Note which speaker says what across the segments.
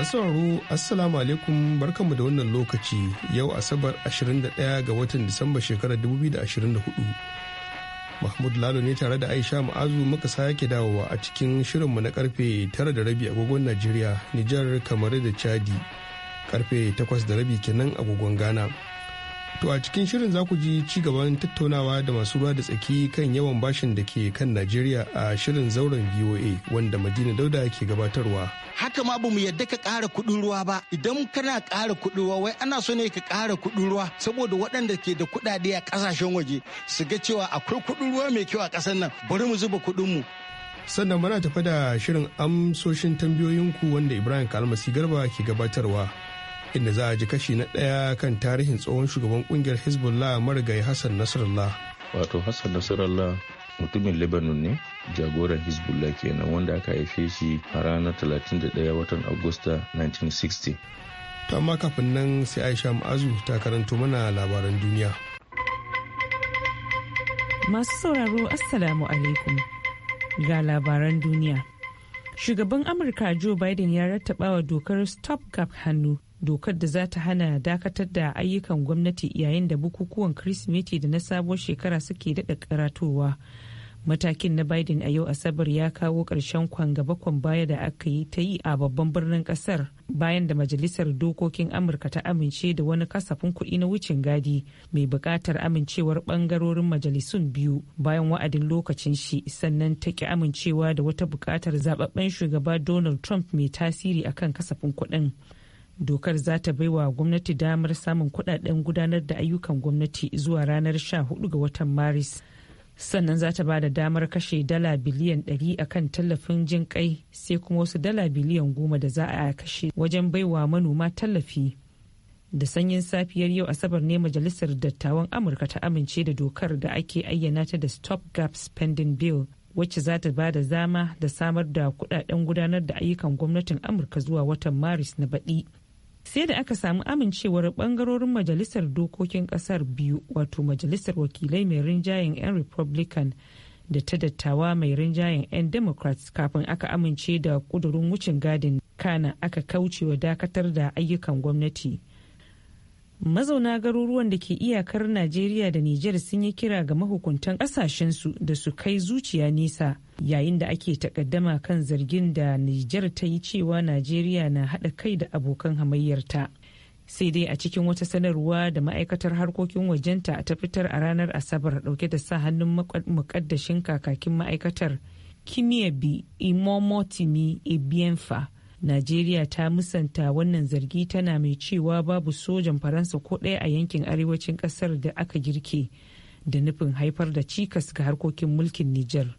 Speaker 1: masu sauraro assalamu alaikum barkanmu da wannan lokaci yau asabar 21 ga watan disamba shekarar 2024 Mahmud Lalo ne tare da Aisha Ma'azu muka sake dawowa a cikin shirinmu na karfe 9 da rabi agogon Najeriya, Nijar, kamar da Chadi. Karfe 8 da rabi kenan agogon Ghana. To a cikin shirin za ku ji ci gaban tattaunawa da masu ruwa da tsaki kan yawan bashin da ke kan Najeriya a shirin zauren VOA wanda Madina Dauda ke gabatarwa. Haka ma bamu yadda ka kara kuɗin ruwa
Speaker 2: ba idan kana kara kuɗin ruwa wai ana so ne ka kara kuɗin ruwa saboda waɗanda ke da kuɗaɗe a ƙasashen waje su ga cewa akwai kuɗin ruwa mai kyau a ƙasar nan bari mu zuba mu.
Speaker 1: Sannan muna tafa da shirin amsoshin tambayoyinku wanda Ibrahim Kalmasi Garba ke gabatarwa. inda za a ji kashi na ɗaya kan tarihin tsohon shugaban kungiyar hezbollah marigayi hassan nasrallah
Speaker 3: wato hassan nasrallah mutumin lebanon ne jagoran hezbollah kenan wanda aka haife shi a ranar talatin da ɗaya watan agusta 1960
Speaker 1: to amma kafin nan sai aisha ma'azu ta karanto mana labaran duniya
Speaker 4: masu sauraro assalamu alaikum ga labaran duniya shugaban amurka joe biden ya rattaba wa dokar stop gap hannu dokar da za ta hana dakatar da ayyukan gwamnati yayin da bukukuwan kirsimeti da na sabon shekara suke daɗa karatowa matakin na biden a yau asabar ya kawo ƙarshen bakwan baya da aka yi ta yi a babban birnin ƙasar bayan da majalisar dokokin amurka ta amince da wani kasafin kuɗi na wucin gadi mai buƙatar amincewar ɓangarorin majalisun biyu bayan wa'adin lokacin shi sannan ta ki amincewa da wata buƙatar zaɓaɓɓen shugaba donald trump mai tasiri akan kasafin kuɗin dokar za ta baiwa gwamnati damar samun kudaden gudanar da ayyukan gwamnati zuwa ranar 14 ga watan maris sannan za ta ba da damar kashe dala biliyan 100 a kan tallafin jin kai sai kuma wasu dala biliyan 10 da za a kashe wajen baiwa manoma tallafi da sanyin safiyar yau asabar ne majalisar dattawan amurka ta amince da dokar da ake ayyana ta da stop gap spending bill wacce za ta ba da zama da samar da kudaden gudanar da ayyukan gwamnatin amurka zuwa watan maris na baɗi sai da aka samu amincewar bangarorin majalisar dokokin kasar biyu wato majalisar wakilai mai rinjayen 'yan republican da ta dattawa mai rinjayen 'yan democrats kafin aka amince da kudurin wucin gadin kana aka kauce wa dakatar da ayyukan gwamnati mazauna garuruwan da ke iyakar najeriya da niger sun yi kira ga mahukuntan kasashensu da su kai zuciya nisa yayin da ake takaddama kan zargin da Nijar ta yi cewa Najeriya na haɗa kai da abokan hamayyarta. sai dai a cikin wata sanarwa da ma'aikatar harkokin wajenta ta fitar a ranar asabar dauke da sa hannun mukaddashin kakakin ma'aikatar kimiyabi imomotimi ebienfa najeriya ta musanta wannan zargi tana mai cewa babu sojan faransa ko ɗaya a yankin arewacin ƙasar da aka girke da nufin haifar da cikas ga harkokin mulkin nijar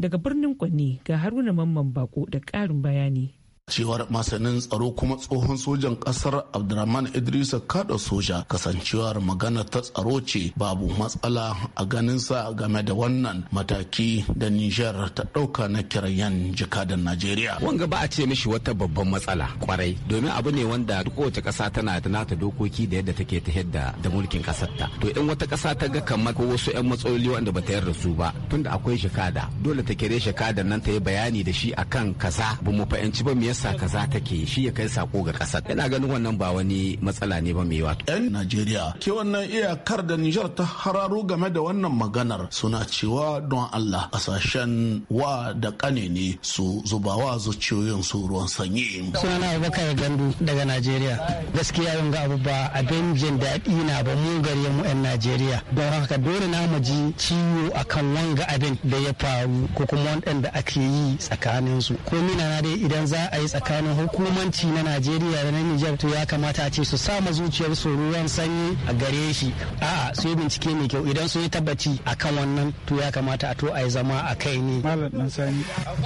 Speaker 4: daga birnin kwanni ga haruna mamman bako da ƙarin bayani
Speaker 5: cewar masanin tsaro kuma tsohon sojan kasar abdurrahman idrisa kada soja kasancewar magana ta tsaro ce babu matsala a ganin sa game da wannan mataki da nijar ta dauka na kirayen jikadan najeriya wanga ba a ce mishi wata babban matsala kwarai domin abu ne wanda duk wata kasa tana da nata dokoki da yadda take ta yadda da mulkin kasar ta to in wata kasa ta ga kamar ko wasu 'yan matsaloli wanda ba ta yarda su ba tunda akwai shikada dole ta kire da nan ta yi bayani da shi akan kasa bamu mu fahimci ba me siyasa kaza take shi ya kai sako ga kasar ina ganin wannan ba wani matsala ne ba mai wato yan najeriya ke wannan iyakar da nijar ta hararo game da wannan maganar suna cewa don allah kasashen wa da kane ne su zubawa zuciyoyin su ruwan sanyi
Speaker 6: sunana abubakar gandu daga
Speaker 2: najeriya gaskiya yanga abu ba abin jin daɗi na ba mu gari mu yan najeriya
Speaker 7: don haka dole na mu ji ciwo akan wanga abin da ya faru ko kuma wanda ake yi tsakaninsu ko mina na dai idan za a yi tsakanin hukumanci na najeriya da na
Speaker 6: nijar to ya kamata a ce su sama zuciyar su ruwan sanyi a gare shi a'a su yi bincike mai kyau idan su yi tabbaci akan wannan to ya kamata a to a yi zama a kai ne malam dan sani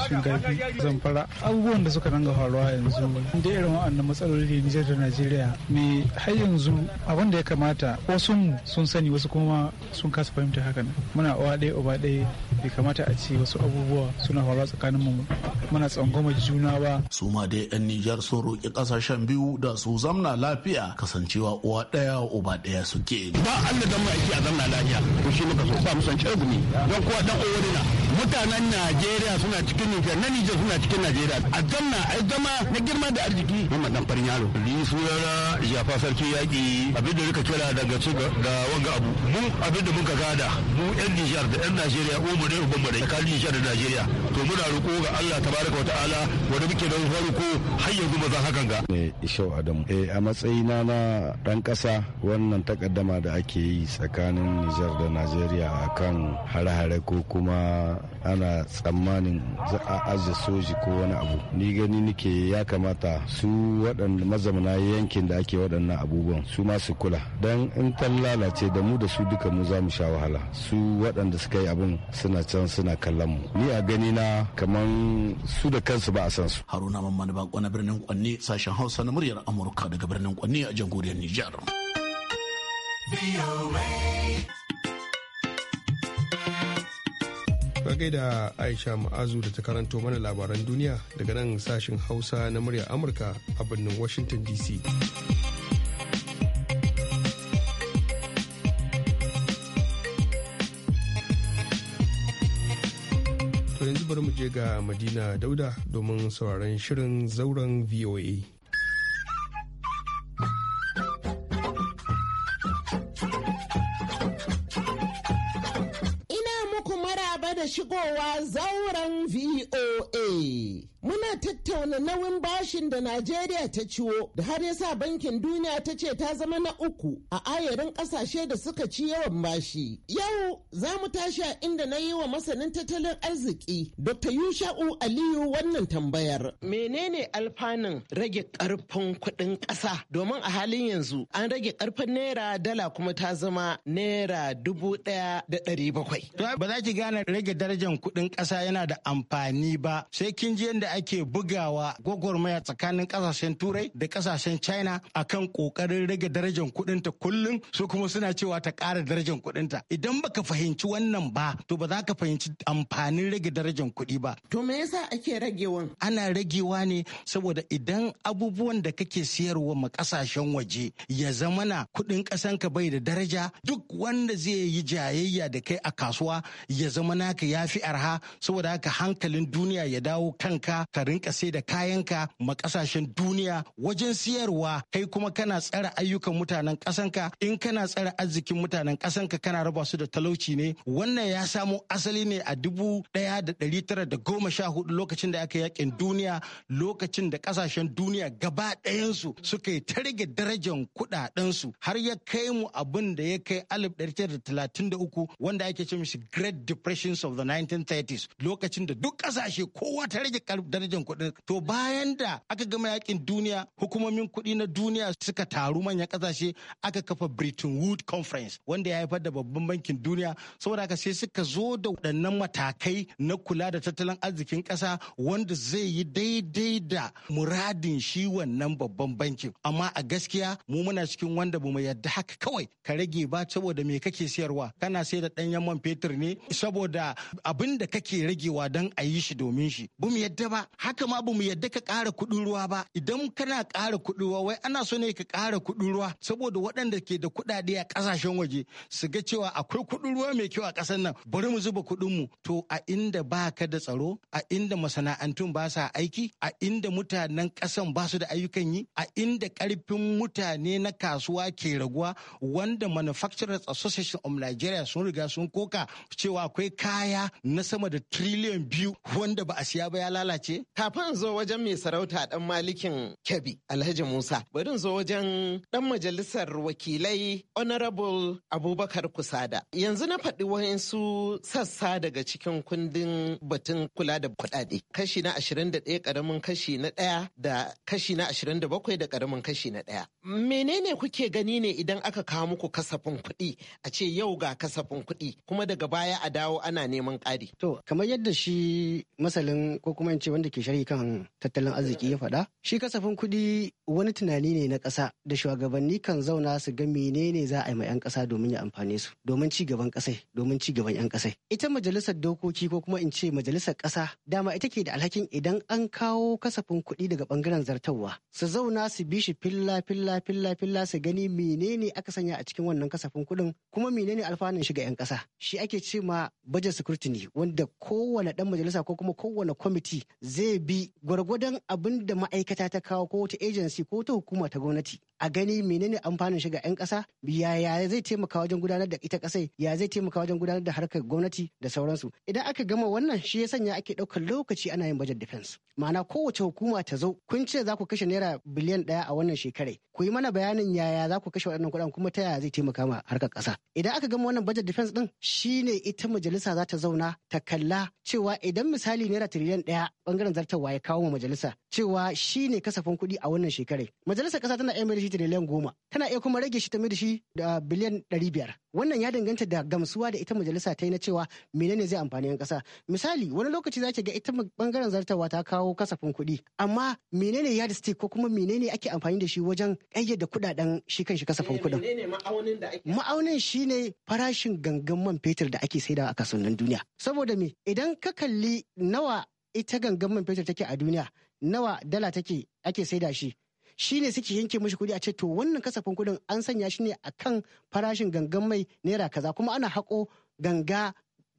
Speaker 8: shinkafi zamfara abubuwan da suka ranga faruwa yanzu da irin waɗannan matsaloli da nijar da najeriya me har yanzu abin da ya kamata wasu sun sani wasu kuma sun kasa fahimta hakan muna uwa ɗaya uba ɗaya bai kamata a ce wasu abubuwa suna faruwa tsakanin mu muna tsangwama juna
Speaker 5: ba su kuma da 'yan Nijar sun roƙi ƙasashen biyu da su zamna lafiya kasancewa uwa ɗaya uba ɗaya suke. Ba Allah dan mu aiki a zamna
Speaker 2: lafiya. To shi muka so ba mu san ne. Don kowa dan uwa mutanen najeriya suna cikin nijar na nijar suna cikin najeriya a zamna a zama na girma da arziki Muhammad dan farin yaro
Speaker 5: ni sunana jafa sarki yaki abin da rika kira daga su da wanga abu mun abin da muka gada mu yan nijar da yan najeriya umu ne mu da kan nijar da najeriya to muna
Speaker 8: roko ga allah tabaraka wa ta'ala wanda muke da farko har yanzu ba za hakan ga
Speaker 1: ne eh, ishau
Speaker 2: adamu eh a matsayina na dan kasa wannan takaddama da ake yi tsakanin nijar da najeriya akan hare-hare ko kuma ana tsammanin za a aje soji ko wani abu ni gani nike ya kamata su waɗanda mazamana yankin da ake waɗannan abubuwan su masu kula Don in ta lalace da mu da su duka mu za mu sha wahala su waɗanda suka yi abin suna can suna kallon mu ni a gani na kaman su da kansu ba a san su haruna
Speaker 5: mamman bako na birnin kwanne sashen hausa na muryar amurka daga birnin kwanne a jamhuriyar nijar
Speaker 1: Ka da Aisha Ma'azu da ta karanto mana labaran duniya daga nan sashin Hausa na murya Amurka a birnin Washington DC. To yanzu bari mu je ga Madina Dauda domin sauraron shirin zauren VOA.
Speaker 9: da nauyin bashin da Najeriya ta ciwo da har yasa bankin duniya ta ce ta zama na uku a ayarin ƙasashe da suka ci yawan bashi. Yau za mu tashi a inda na yi wa masanin tattalin arziki Dr. Yusha'u Aliyu wannan tambayar. Menene alfanun rage ƙarfin kuɗin ƙasa domin a halin yanzu an rage karfin naira dala kuma ta zama naira dubu ɗaya
Speaker 2: da ɗari bakwai. Ba za ki gane rage darajar kuɗin ƙasa yana da amfani ba sai kin ji yadda ake bugawa wa gwagwarmaya tsakanin kasashen turai da kasashen china akan kokarin rage darajar kudinta kullum su kuma suna cewa ta kara darajar kudinta idan baka fahimci wannan ba to ba za ka fahimci amfanin rage darajar kuɗi ba to me yasa ake ragewan ana ragewa ne saboda idan abubuwan da kake siyarwa ma kasashen waje ya zamana kudin ka bai da daraja duk wanda zai yi jayayya da kai a kasuwa ya zama naka yafi arha saboda haka hankalin duniya ya dawo kanka ka rinka sai da kayanka ma kasashen duniya wajen siyarwa kai kuma kana tsara ayyukan mutanen kasanka in kana tsara arzikin mutanen kasanka kana raba su da talauci ne wannan ya samo asali ne a dubu daya da dari tara da goma sha hudu lokacin da aka yakin duniya lokacin da kasashen duniya gaba ɗayansu suka yi ta rage darajar kuɗaɗensu har ya kai mu abin da ya kai alif ɗari tara da talatin da uku wanda ake ce mishi Great Depressions of the 1930s lokacin da duk kasashe kowa ta rage darajar kuɗin to bayan da aka gama yakin duniya hukumomin kuɗi na duniya suka taru manyan kasashe aka kafa Britain wood Conference wanda ya haifar da babban bankin duniya saboda haka sai suka zo da waɗannan matakai na kula da tattalin arzikin ƙasa wanda zai yi daidai da muradin shi wannan babban bankin amma a gaskiya mu muna cikin wanda bamu yadda haka kawai ka rage ba saboda me kake siyarwa kana sai da ɗanyen man fetur ne saboda abinda da kake ragewa don a yi shi domin shi bamu yarda ba haka ma bamu yarda yadda ka ƙara kuɗin ruwa ba idan kana ƙara kuɗin ruwa wai ana so ne ka ƙara kuɗin ruwa saboda waɗanda ke da kuɗaɗe a ƙasashen waje su ga cewa akwai kuɗin ruwa mai kyau a ƙasar nan bari mu zuba kuɗin mu to a inda ba ka da tsaro a inda masana'antun ba sa aiki a inda mutanen ƙasan ba su da ayyukan yi a inda ƙarfin mutane na kasuwa ke raguwa wanda manufacturers association of Nigeria sun riga sun koka cewa akwai kaya na sama da trillion biyu wanda ba a siya ba ya lalace kafin zo wajen mai sarauta dan malikin Kebbi Alhaji Musa.
Speaker 9: Bari zo wajen dan majalisar wakilai Honorable Abubakar Kusada. Yanzu na faɗi wayansu sassa daga cikin kundin batun kula da kuɗaɗe. Kashi na 21 karamin kashi na ɗaya da kashi na 27 da karamin kashi na ɗaya. Menene kuke gani ne idan aka kawo muku kasafin kuɗi a ce yau ga kasafin kuɗi kuma daga baya a dawo ana neman ƙari. To kamar yadda shi masalin
Speaker 6: ko kuma in ce wanda ke sharhi kan tattalin arziki ya faɗa shi kasafin kuɗi wani tunani ne na kasa da shugabanni kan zauna su ga menene za a yi ma 'yan ƙasa domin ya amfane su domin ci gaban ƙasai domin ci gaban 'yan kasa. ita majalisar dokoki ko kuma in ce majalisar kasa dama ita ke da alhakin idan an kawo kasafin kuɗi daga bangaren zartarwa su zauna su bi shi filla filla filla filla su gani menene aka sanya a cikin wannan kasafin kuɗin kuma menene alfanun shiga 'yan kasa shi ake ce ma bajet scrutiny wanda kowane dan majalisa ko kuma kowane kwamiti zai bi gwargwadon abin da ma'aikata ta kawo ko wata agency ko ta hukuma ta gwamnati a gani menene amfanin shiga 'yan ƙasa yaya zai taimaka wajen gudanar da ita ƙasai ya zai taimaka wajen gudanar da harkar gwamnati da sauransu idan aka gama wannan shi ya sanya ake daukar lokaci ana yin budget defense ma'ana kowace hukuma ta zo kun ce za ku kashe naira biliyan ɗaya a wannan shekarai ku yi mana bayanin yaya za ku kashe waɗannan kuɗin kuma ta yaya zai taimaka ma harkar kasa idan aka gama wannan budget defense Shi shine ita majalisa za ta zauna ta kalla cewa idan misali naira tiriliyan ɗaya bangaren zartarwa ya kawo ma majalisa cewa shine kasafin kuɗi a wannan shekare majalisar kasa tana iya miliyan goma tana iya kuma rage shi ta da shi da biliyan ɗari biyar wannan ya danganta da gamsuwa da ita majalisa ta yi na cewa menene zai amfani yan kasa misali wani lokaci za ga ita bangaren zartawa ta kawo kasafin kuɗi amma menene ya da ko kuma menene ake amfani da shi wajen ƙayyade kuɗaɗen shi kan shi kasafin kuɗin ma'aunin shine farashin gangan man fetur da ake saidawa a kasuwannin duniya saboda me idan ka kalli nawa ita gangan man fetur take a duniya nawa dala take ake saida shi shi ne suke yanke mishi kuɗi a ce to wannan kasafin kuɗin an sanya shi ne a kan farashin gangan mai naira kaza kuma ana haƙo ganga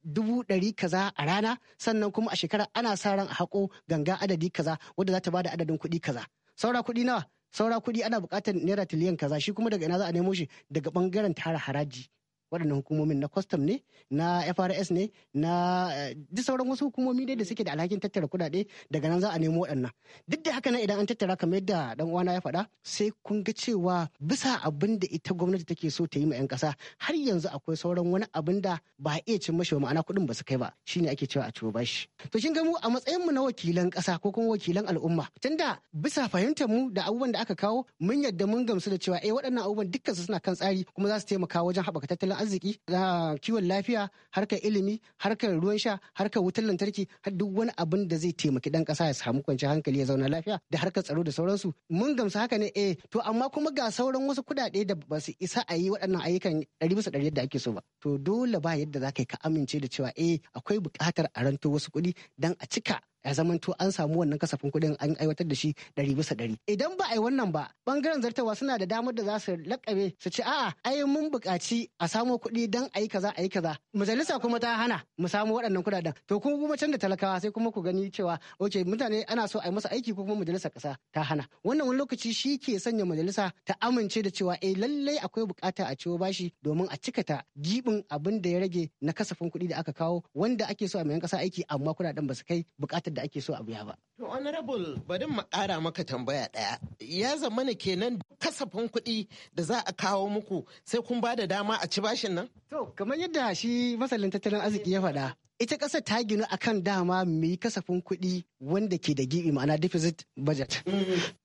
Speaker 6: dubu ɗari kaza a rana sannan kuma a shekara ana sa ran a haƙo ganga adadi kaza wadda za ta bada adadin kuɗi kaza saura kuɗi nawa saura kuɗi ana buƙatar naira tiliyan kaza shi kuma daga ina za a nemo shi daga ɓangaren tara haraji waɗannan hukumomin na custom ne na frs ne na eh, duk sauran wasu hukumomi dai da suke da alhakin tattara kuɗaɗe daga nan za a nemo waɗannan duk da haka nan idan an tattara kamar yadda dan uwana ya faɗa sai kun ga cewa bisa abin da ita gwamnati take so ta yi ma 'yan kasa har yanzu akwai sauran wani abin da ba a iya cin mashi ma'ana kuɗin ba su kai ba shine ake cewa a ciwo bashi to shin ga mu a matsayin mu na wakilan ƙasa ko kuma wakilan al'umma tunda bisa fahimtar mu da abubuwan da aka kawo mun yadda mun gamsu da cewa eh waɗannan abubuwan dukkan su suna kan tsari kuma za su taimaka wajen haɓaka tattalin tattalin arziki ga kiwon lafiya harkar ilimi harkar ruwan sha harkar wutar lantarki har duk wani abin da zai taimaki dan kasa ya samu kwanciyar hankali ya zauna lafiya da harkar tsaro da sauransu mun gamsu haka ne eh to amma kuma ga sauran wasu kuɗaɗe da ba su isa a yi waɗannan ayyukan ɗari bisa ɗari yadda ake so ba to dole ba yadda za ka yi ka amince da cewa eh akwai buƙatar a ranto wasu kuɗi dan a cika ya zamanto an samu wannan kasafin kuɗin an aiwatar da shi ɗari bisa dari. idan ba a yi wannan ba bangaren zartawa suna da damar da za su lakabe su ci a'a ai mun buƙaci a samo kuɗi don a yi kaza a yi kaza majalisa kuma ta hana mu samu waɗannan kuɗaɗen to kuma kuma can da talakawa sai kuma ku gani cewa ok mutane ana so a yi masa aiki ko kuma majalisa ƙasa ta hana wannan wani lokaci shi ke sanya majalisa ta amince da cewa eh lallai akwai buƙata a ciwo bashi domin a cika ta gibin abin da ya rage na kasafin kuɗi da aka kawo wanda ake so a mayan ƙasa aiki amma kuɗaɗen ba su kai buƙatar da ake so a biya ba.
Speaker 9: To honorable bari mu ƙara maka tambaya ɗaya. Ya zama ne kenan kasafin kuɗi da za a kawo muku sai kun ba da dama a ci bashin nan? To kamar
Speaker 6: yadda shi masalin tattalin arziki ya faɗa ita ƙasar ta ginu akan dama mai kasafin kuɗi wanda ke da gibi ma'ana deficit budget.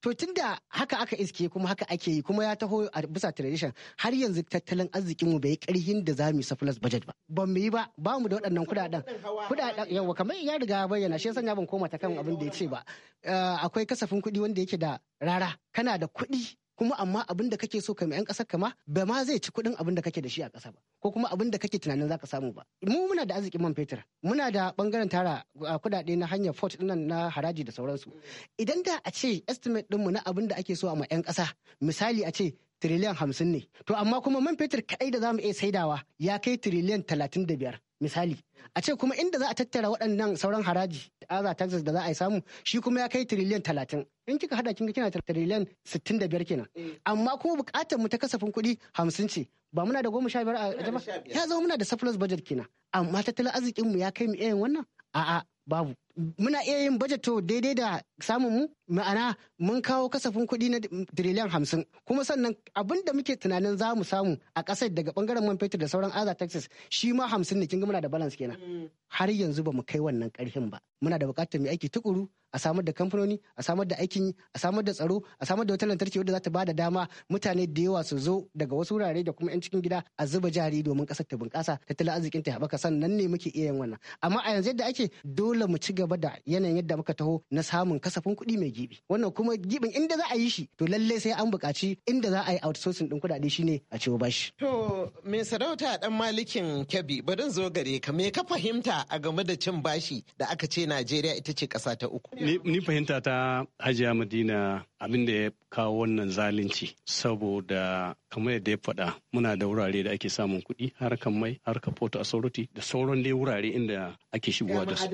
Speaker 6: To tun da haka aka iske kuma haka ake yi kuma ya taho a bisa tradition har yanzu tattalin arzikin mu bai karhin da za mu surplus budget ba. Ban mu yi ba ba mu da waɗannan kuɗaɗen. Kuɗaɗen yawa kamar ya riga bayyana shi yasa ban koma ta kan abin da ya ce ba. Eh, akwai kasafin kuɗi wanda yake da rara kana da kuɗi kuma amma abin da kake so ka mai yan kasar kama ba ma zai ci kuɗin abin da kake da shi a kasa ba ko kuma abin da kake tunanin zaka samu ba mu muna da arzikin man fetur muna da bangaren tara a kuɗaɗe na hanyar fort dinnan na haraji da sauransu idan da a ce estimate mu na abin da ake so a ma yan kasa, misali a ce tiriliyan hamsin ne to amma kuma man fetur kaɗai da zamu iya saidawa ya kai tiriliyan talatin da biyar misali a ce kuma inda za a tattara waɗannan sauran haraji aza taxes da za a yi samu shi kuma ya kai tiriliyan talatin in kika hada kinga kina tiriliyan sittin da biyar kenan mm. amma kuma bukatar mu ta kasafin kuɗi hamsin ce ba muna da goma sha biyar a jama ya zama muna da surplus budget kenan amma tattalin arzikin mu ya kai mu iya wannan a'a babu muna iya yin budget to daidai da samun mu ma'ana mun kawo kasafin kuɗi na tiriliyan hamsin kuma sannan abin da muke tunanin za mu samu a ƙasar daga bangaren man fetur da sauran aza texas shi ma hamsin ne kinga muna da balance kenan mm. har yanzu ba mu kai wannan ƙarfin ba muna da buƙatar mu aiki tukuru a samar da kamfanoni a samar da aikin a samar da tsaro a samar da wata lantarki wadda za ta bada dama mutane da yawa su zo daga wasu wurare da kuma 'yan cikin gida a zuba jari domin ƙasar ta bunƙasa tattalin arzikin ta haɓaka sannan ne muke iya yin wannan amma a yanzu yadda ake dole mu ci gaba gaba da yanayin yadda muka taho na samun kasafin kuɗi mai gibi wannan kuma gibin inda za a yi shi to lallai sai an buƙaci inda za a yi outsourcing ɗin kuɗaɗe shine a ciwo bashi.
Speaker 9: to me sarauta dan malikin kebbi barin zo gare ka me ka fahimta a game da cin bashi da aka ce najeriya ita ce ƙasa ta uku.
Speaker 7: ni fahimta ta hajiya madina abin da ya kawo wannan zalunci saboda kamar yadda ya faɗa muna da wurare da ake samun kuɗi harkar mai harkar port authority da sauran dai wurare inda ake shigowa da su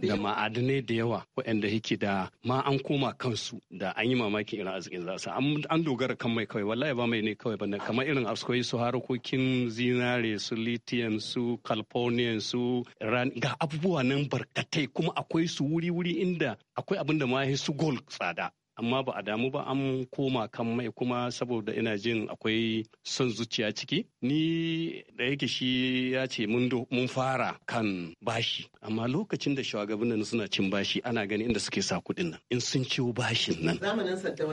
Speaker 7: da ma'adinai da yawa waɗanda yake da ma an koma kansu da an yi mamakin irin arzikin zasa an dogara kan mai kawai wallahi ba mai ne kawai ba kamar irin askoyi su harkokin zinare su lithium su californian su iran ga abubuwa nan barkatai kuma akwai su wuri-wuri inda akwai abin da ma su gold tsada amma ba a damu ba an koma kan mai kuma saboda ina jin akwai son zuciya ciki ni da yake shi ya ce mun fara kan bashi amma lokacin da nan suna cin bashi ana gani inda suke sa kuɗin nan in sun ciwo bashin nan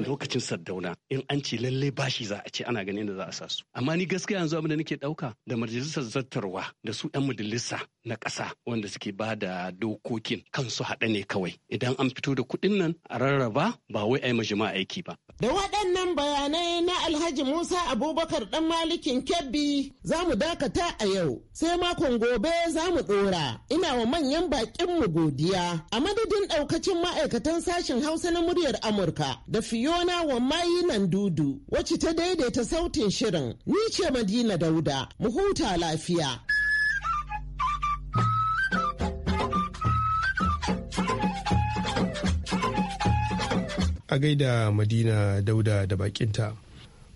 Speaker 7: lokacin saddauna in an ce lalle bashi za a ce ana gani inda za a sa su amma ni gaskiya yanzu abin da nake ɗauka da majalisar zartarwa da su 'yan majalisa na ƙasa wanda suke ba da dokokin kansu haɗa ne kawai idan an fito da kuɗin nan a rarraba ba wai komai ai yi aiki ba.
Speaker 9: Da waɗannan bayanai na Alhaji Musa Abubakar ɗan malikin Kebbi za mu dakata a yau sai makon gobe za mu ɗora. Ina wa manyan baƙin mu godiya a madadin ɗaukacin ma'aikatan sashen Hausa na muryar Amurka da Fiona Wammayi nan dudu wacce ta daidaita sautin shirin. Ni ce Madina Dauda mu huta lafiya.
Speaker 1: a gaida madina dauda da bakinta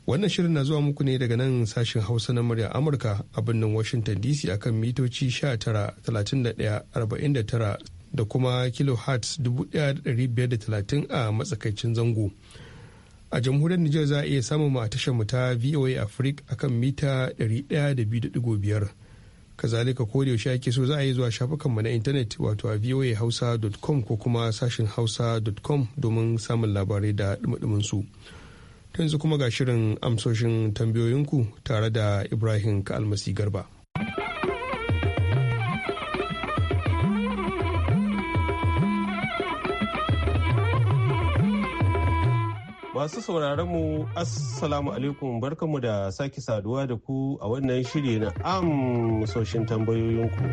Speaker 1: wannan shirin na zuwa muku ne daga nan sashen hausa na murya amurka a birnin washington dc akan mitoci 19,31,49 da kuma kilohertz 1530 a matsakaicin zango a jamhuriyar nijar za a iya samun mu a tashar mu ta voa africa akan mita 102.5 kazalika ko yaushe ake so za a yi zuwa shafukanmu na intanet wato a voahausa.com ko kuma sashin hausa.com domin samun labarai da dumadumin su yanzu kuma ga shirin amsoshin tambayoyinku tare da ibrahim ka almasi garba
Speaker 8: Masu sauraron mu Assalamu alaikum barkamu da sake saduwa da ku a wannan shiri na amsoshin tambayoyinku.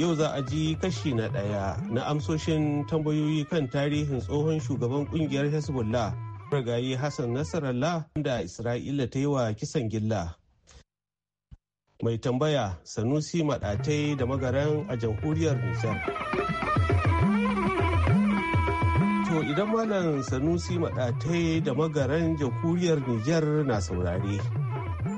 Speaker 8: Yau za a ji kashi na ɗaya na amsoshin tambayoyi kan tarihin tsohon shugaban kungiyar Hezbollah, ragayi Hassan Nasarallah da Isra'ila ta yi wa kisan gilla. Mai tambaya Sanusi Maɗatai da magaran a jamhuriyar Nijar. idan malam Sanusi maɗatai da magaran jamhuriyar Nijar na saurare.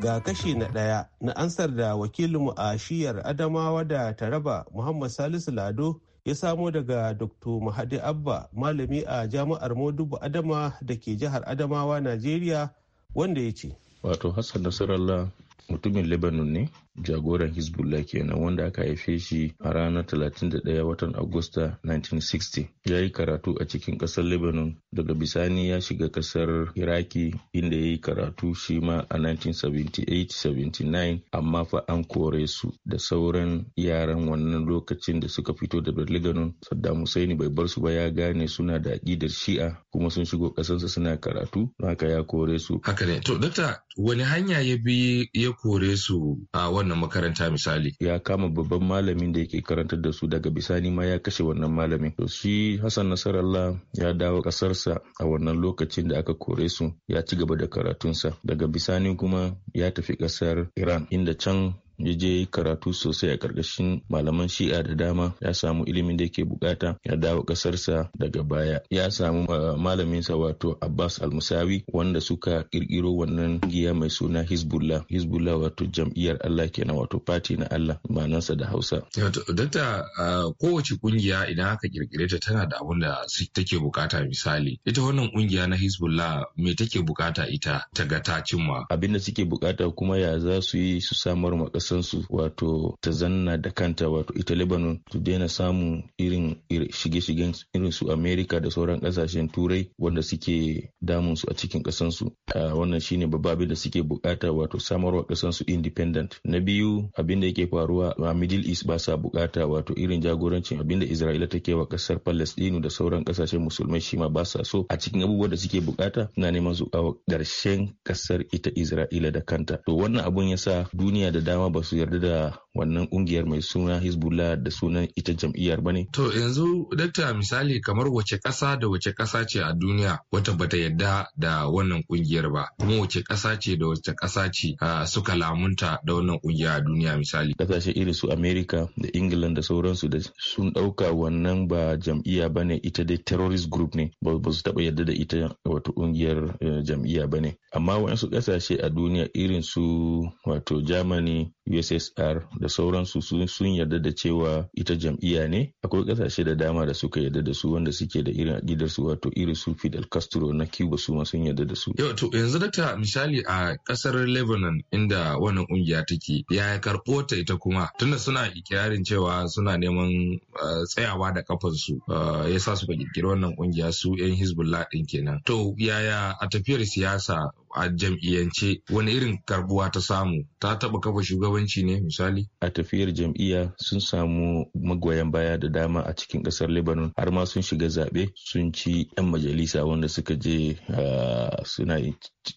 Speaker 8: Ga kashi na ɗaya na ansar da wakilinmu a shiyar Adamawa da Taraba Muhammad Salisu Lado ya samo daga Dr. Mahadi Abba malami a jami'ar Modubu Adama da ke jihar Adamawa Najeriya wanda ya ce. Wato Hassan
Speaker 3: Nasarallah mutumin Lebanon ne jagoran hezbollah kenan wanda aka haife shi a ranar 31 watan agusta 1960 ya yi karatu a cikin ƙasar lebanon daga bisani ya shiga ƙasar iraki inda ya yi karatu shi ma a 1978-79 amma fa an kore su da sauran yaran wannan lokacin da suka fito da lebanon saddam Musaini bai bar su ba ya gane suna da aƙidar shi'a kuma sun shigo ƙasarsa suna karatu haka ya kore su haka
Speaker 10: to dakta wani hanya
Speaker 3: ya bi ya kore su a wannan makaranta misali ya kama babban malamin da yake karantar da su daga bisani ma ya kashe wannan malamin to shi Hassan Nasarallah ya dawo kasarsa a wannan lokacin da aka kore su ya ci gaba da karatunsa daga bisani kuma ya tafi kasar Iran inda can ya je karatu sosai a ƙarƙashin malaman shi'a da dama ya samu ilimin da yake bukata ya dawo ƙasarsa daga baya ya samu eh, malaminsa wato abbas almusawi wanda suka ƙirƙiro wannan giya mai suna hizbullah hizbullah wato jam'iyyar allah kenan wato fati na allah manansa da hausa
Speaker 10: dokta eh, kowace kungiya idan aka ƙirƙire ta tana da abun da take bukata misali ita wannan kungiya na hizbullah me take bukata ita ta ga ta cimma abin da suke
Speaker 3: bukata kuma ya za su yi su samar ma su wato ta zanna da kanta wato ita lebanon su daina samun irin shige-shigen irin su america da sauran kasashen turai wanda suke damun su a cikin kasansu wannan shine bababe da suke bukata wato samarwa kasansu independent na biyu abin da yake faruwa a middle east ba sa bukata wato irin jagorancin abin da isra'ila take wa kasar palestinu da sauran kasashen musulmai shi ma ba sa so a cikin abubuwan da suke bukata na neman su kawo ƙarshen kasar ita isra'ila da kanta to wannan abun yasa duniya da dama ba su yarda da wannan kungiyar mai suna hezbollah
Speaker 10: da sunan ita jam'iyyar bane to yanzu dakta misali kamar wace ƙasa da wace ƙasa ce a duniya wata bata yadda da wannan kungiyar ba kuma wace ƙasa ce da wace ƙasa ce suka lamunta da wannan kungiya a duniya misali kasashe irin su america da england
Speaker 3: da sauransu da sun ɗauka wannan ba jam'iyya bane ita dai terrorist group ne ba su taɓa yadda da ita wato kungiyar e, jam'iyya bane amma waɗansu ƙasashe a duniya irin su wato germany ussr da sauransu sun yarda da cewa ita jam'iyya ne akwai kasashe da dama da suka yarda da su wanda suke da irin aƙidar su wato Iri
Speaker 10: su Fidel Castro na Cuba su sun yarda da su. Yau to yanzu dakta misali a kasar Lebanon inda wannan kungiya take ya karɓo ta ita kuma tunda suna ikirarin cewa suna neman eh, tsayawa da su eh, ya sa suka kirkiri wannan kungiya su 'yan Hezbollah ɗin kenan. To yaya a tafiyar siyasa a jam'iyyance wani irin karbuwa ta samu ta taba kafa shugabanci ne misali a tafiyar jam'iyya sun samu
Speaker 3: magoyan baya da dama a cikin kasar lebanon har ma sun shiga zaɓe sun ci 'yan majalisa wanda suka je suna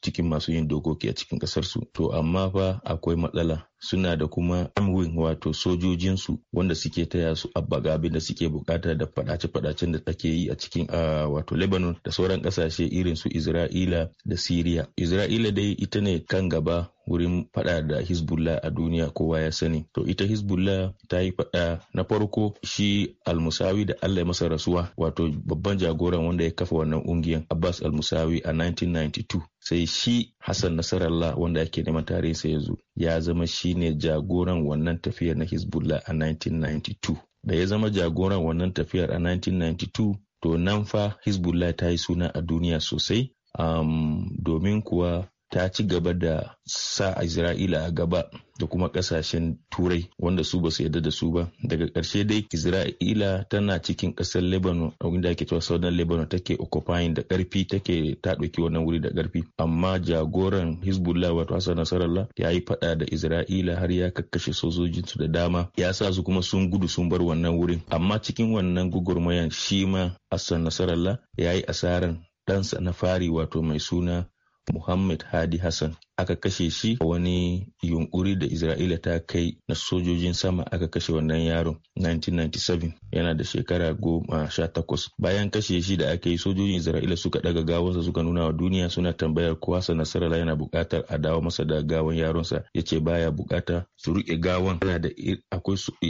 Speaker 3: cikin masu yin dokoki a cikin kasar to amma fa akwai matsala suna da kuma amwin wato sojojinsu wanda suke taya su abbaga abin da suke bukata da fadace-fadacen da take yi a cikin wato lebanon da sauran kasashe irin su isra'ila da Siriya. isra'ila dai ita ne kan gaba wurin fada da hezbollah a duniya kowa ya sani to ita hezbollah ta yi fada na farko shi almusawi da allah ya masa rasuwa wato babban jagoran wanda ya kafa wannan ƙungiyar abbas almusawi a 1992 sai shi hassan nasarallah wanda ake neman tarihinsa yanzu ya zama shi ne jagoran wannan tafiyar na hezbollah a 1992 da ya zama jagoran wannan tafiyar a 1992 to nan fa hezbollah ta yi suna a duniya sosai um, domin kuwa ta ci gaba da sa Isra'ila a gaba da kuma kasashen turai wanda su ba su yarda da su ba daga ƙarshe dai Isra'ila tana cikin ƙasar Lebanon a wanda ake cewa Southern Lebanon take occupying da ƙarfi take ta ɗauki wannan wuri da ƙarfi amma jagoran Hezbollah wato Hassan Nasrallah ya yi faɗa da Isra'ila har ya kakkashe sojojinsu da dama ya sa su kuma sun gudu sun bar wannan wurin amma cikin wannan gugurmayan shi ma Hassan Nasrallah ya yi asaran ɗansa na fari wato mai suna Muhammad Hadi Hassan aka kashe shi a wani yunkuri da isra'ila ta kai na sojojin sama aka kashe wannan yaron 1997 yana da shekara goma sha takwas bayan kashe shi da aka yi sojojin isra'ila suka daga gawansa suka nuna wa duniya suna tambayar ko hassan nasarala yana bukatar a dawo masa da gawan yaronsa ya ce baya bukata su rike gawan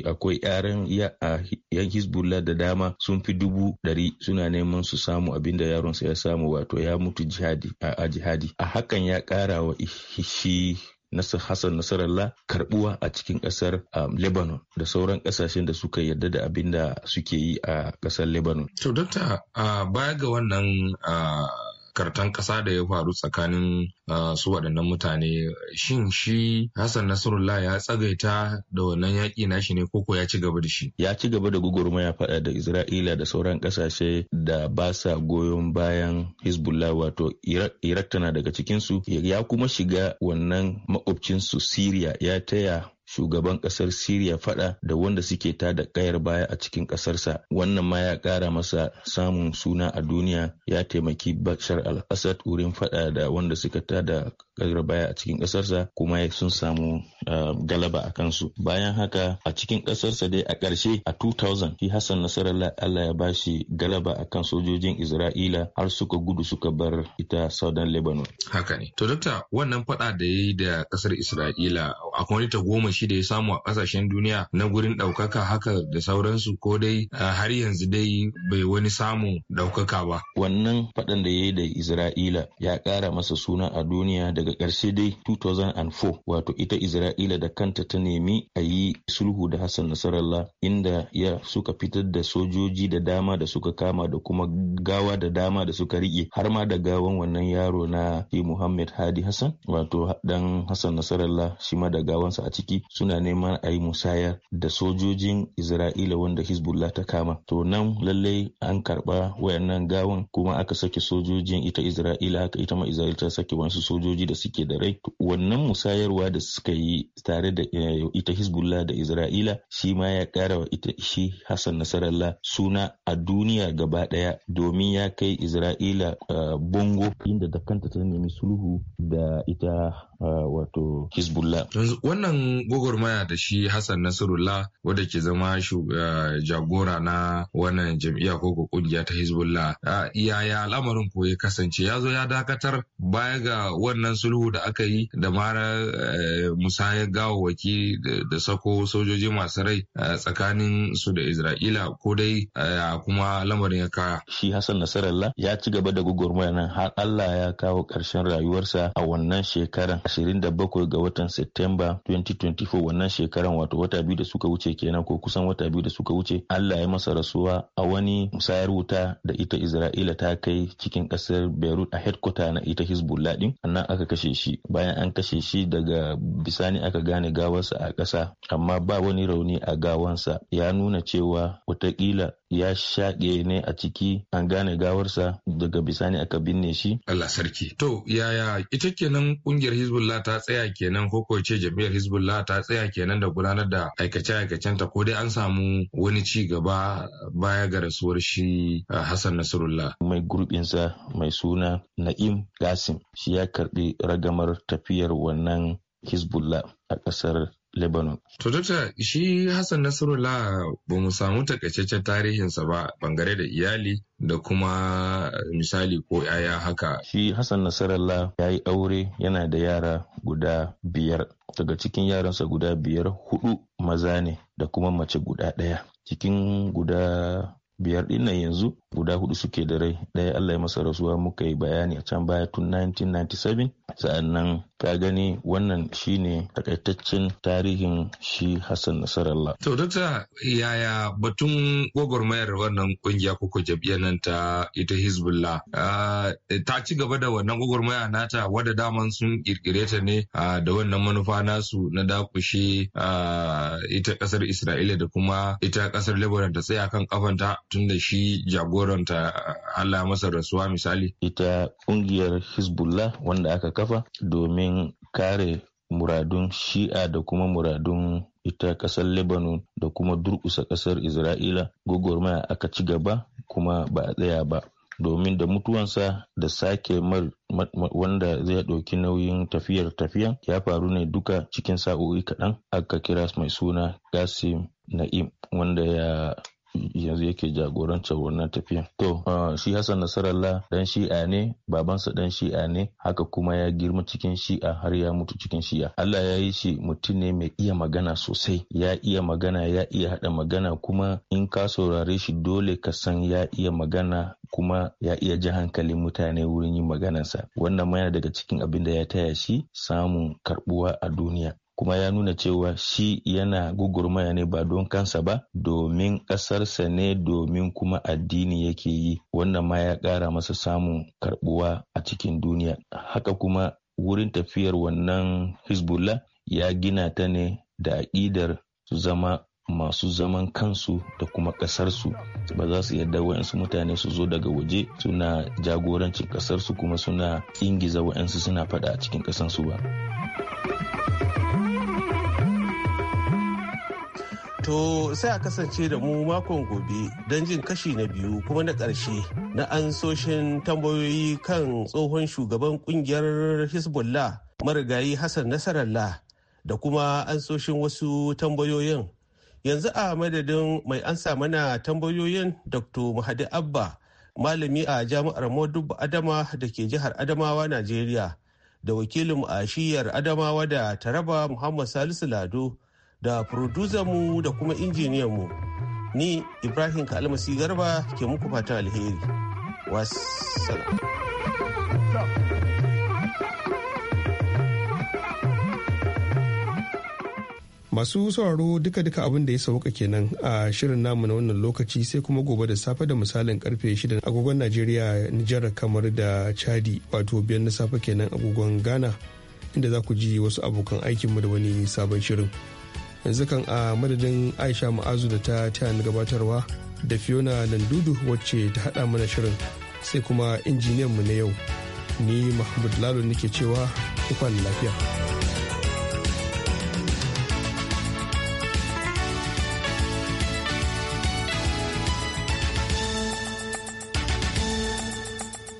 Speaker 3: akwai yaran yan hezbollah da dama sun fi dubu ɗari, suna neman su samu abinda yaronsa ya samu wato ya mutu jihadi a jihadi a hakan ya kara wa shi Nasir Hassan Nasarallah karbuwa a cikin kasar um, Lebanon da sauran kasashen da suka yarda da abin da suke yi a kasar Lebanon. To, dokta,
Speaker 10: baya ga wannan uh, kartan ƙasa da ya faru tsakanin ah, su waɗannan mutane shin shi Hassan Nasrullah ya tsagaita da wannan yaƙi nashi ne koko ya ci gaba da shi?
Speaker 3: Ya ci gaba da ya faɗa da Isra'ila da sauran ƙasashe da ba sa goyon bayan Hezbollah wato Iraq tana daga cikinsu ya kuma shiga wannan makwabcinsu siriya ya taya shugaban kasar Siriya fada da wanda suke ta da kayar baya a cikin kasarsa. Wannan ma ya kara masa samun suna a duniya ya taimaki Bashar al-Assad wurin fada da wanda suka ta da kayar baya a cikin kasarsa kuma sun samu galaba a kansu. Bayan haka a cikin kasarsa dai a ƙarshe a 2000 shi Hassan Nasarallah Allah ya bashi galaba a kan sojojin Isra'ila har suka gudu suka bar ita Southern Lebanon.
Speaker 10: Haka ne. To dokta wannan fada da ya yi da kasar Isra'ila a kwanita goma shi da ya samu a kasashen duniya na gurin ɗaukaka haka da sauransu ko dai har yanzu dai bai wani samu ɗaukaka ba. Wannan
Speaker 3: faɗan da ya yi da Isra'ila ya ƙara masa suna a duniya daga karshe dai 2004 wato ita Isra'ila da kanta ta nemi a yi sulhu da Hassan Nasarallah inda ya suka fitar da sojoji da dama da suka kama da kuma gawa da dama da suka riƙe har ma da gawan wannan yaro na Muhammad Hadi Hassan wato dan Hassan Nasarallah shi ma da gawansa a ciki suna neman a yi musayar da sojojin Isra'ila wanda Hezbollah ta kama. To nan lallai an karɓa wayannan gawan kuma aka sake sojojin ita Isra'ila haka ita ma Isra'ila ta sake wasu sojoji da suke da rai. Wannan musayarwa da suka yi tare da eh, ita Hezbollah da Isra'ila shi ma ya kara wa ita shi Hassan Nasarallah suna a duniya gaba ɗaya domin ya kai Isra'ila eh, bongo inda da kanta ta nemi sulhu da ita Eh, wato
Speaker 10: Hezbollah. Wannan gwagwarmaya da shi Hassan Nasrullah wadda ke zama eh, jagora na wannan jam'iyya ko kungiya ta Hezbollah. Yaya al'amarin ko ya kasance ya zo ya dakatar baya ga wannan sulhu da aka yi da mara eh, musayar gawawaki da sako sojoji masu rai tsakanin su da Isra'ila ko dai kuma lamarin ya kaya. Shi Hassan Nasrallah ya ci gaba
Speaker 3: da gwagwarmaya nan har Allah ya kawo ƙarshen rayuwarsa a wannan shekaran 27 ga watan Setemba 2024 wannan shekaran wato wata biyu da suka wuce kenan ko kusan wata biyu da suka wuce Allah ya masa rasuwa a wani musayar wuta da ita Isra'ila ta kai cikin kasar Beirut a headquarter na ita Hezbollah din annan aka kashe shi bayan an kashe shi daga bisani aka gane gawarsa a ƙasa amma ba wani rauni a gawansa ya nuna cewa watakila ya shaƙe ne a ciki an gane gawarsa daga bisani aka binne shi. Allah sarki. To
Speaker 10: yaya ita kenan ƙungiyar Hezbollah hezbollah ta tsaya kenan ko ko ce jami'ar hezbollah ta tsaya kenan da gudanar da aikace-aikacen ta ko dai an samu wani ci gaba baya ga rasuwar shi uh, hassan nasrullah mai gurbinsa
Speaker 3: mai suna na'im gasim shi ya karbi ragamar tafiyar wannan hezbollah a kasar Lebanon.
Speaker 10: To dokta shi Hassan Nasrullah ba mu samu takaitaccen tarihinsa ba bangare da iyali da kuma eh, misali ko yaya haka. Shi Hassan Nasrallah ya yi aure yana da yara guda
Speaker 3: biyar. Daga cikin yaransa guda biyar hudu maza ne da kuma mace guda ɗaya. Cikin guda biyar ɗin yanzu guda hudu suke da rai ɗaya Allah ya masa rasuwa muka yi bayani a can baya tun 1997 sa'annan ka gani wannan shine takaitaccen tarihin shi Hassan Nasarallah.
Speaker 10: To dokta yaya batun gwagwarmayar wannan kungiya koko jam'iyyar nan ta ita Hezbollah ta ci gaba da wannan gwagwarmaya nata wadda daman sun kirkire ta ne da wannan manufa nasu na dakushe ita kasar Isra'ila da kuma ita kasar Lebanon ta tsaya kan kafanta tun da shi jago jagoranta Allah masa rasuwa misali? Ita kungiyar Hezbollah wanda aka kafa domin kare
Speaker 3: muradun shi'a da kuma muradun ita kasar Lebanon da kuma durkusa kasar Isra'ila gwagwarmaya aka ci gaba kuma ba a tsaya ba. domin da mutuwansa da sake mar wanda zai ɗauki nauyin tafiyar tafiyan ya faru ne duka cikin sa'o'i kaɗan aka kira mai suna Gassim Na'im wanda ya yanzu yake jagorancin wannan tafiyan to shi hassan nasarallah dan shi'a ne babansa dan shi'a ne haka kuma ya girma cikin shi'a har ya mutu cikin shi'a allah ya yi shi mutum ne mai iya magana sosai ya iya magana ya iya haɗa magana kuma in ka saurare shi dole ka san ya iya magana kuma ya iya ji hankalin mutane wurin yin maganarsa wannan ma daga cikin abin da ya taya shi samun karbuwa a duniya kuma ya nuna cewa shi yana gugurmaya ne ba don kansa ba domin ƙasarsa ne domin kuma addini yake yi wannan ma ya ƙara masa samun karbuwa a cikin duniya haka kuma wurin tafiyar wannan hezbollah ya gina ta ne da aƙidar su zama masu zaman kansu da kuma ƙasarsu ba za su yarda wa'yansu mutane su zo daga waje suna jagorancin ƙasarsu kuma suna ingiza wa'yansu suna fada a cikin ƙasarsu ba.
Speaker 8: To sai a kasance da mu makon gobe don jin kashi na biyu kuma na ƙarshe na ansoshin tambayoyi kan tsohon shugaban kungiyar Hezbollah marigayi Hassan Nasarallah da kuma ansoshin wasu tambayoyin. Yanzu a madadin mai ansa mana tambayoyin Dr. Mahadi Abba malami a jami'ar Modubu Adama da ke jihar Adamawa, Nigeria, da wakilin a shiyar Adamawa da Taraba Muhammad Salisu Lado. da mu da kuma mu ni ibrahim kalmasi garba ke muku fata alheri wassalam
Speaker 1: masu sauraro duka-duka abin da ya sauka kenan a shirin namu na wannan lokaci sai kuma gobe da safe da misalin karfe 6 agogon najeriya nijar kamar da chadi wato biyan na safe kenan agogon ghana inda za ku ji wasu abokan aikinmu da wani sabon shirin. yanzu kan a madadin aisha ma'azu da ta tayani gabatarwa da fiona dudu wacce ta hada mana shirin sai kuma injiniyanmu na yau ni mahmud lalo nake cewa kwan lafiya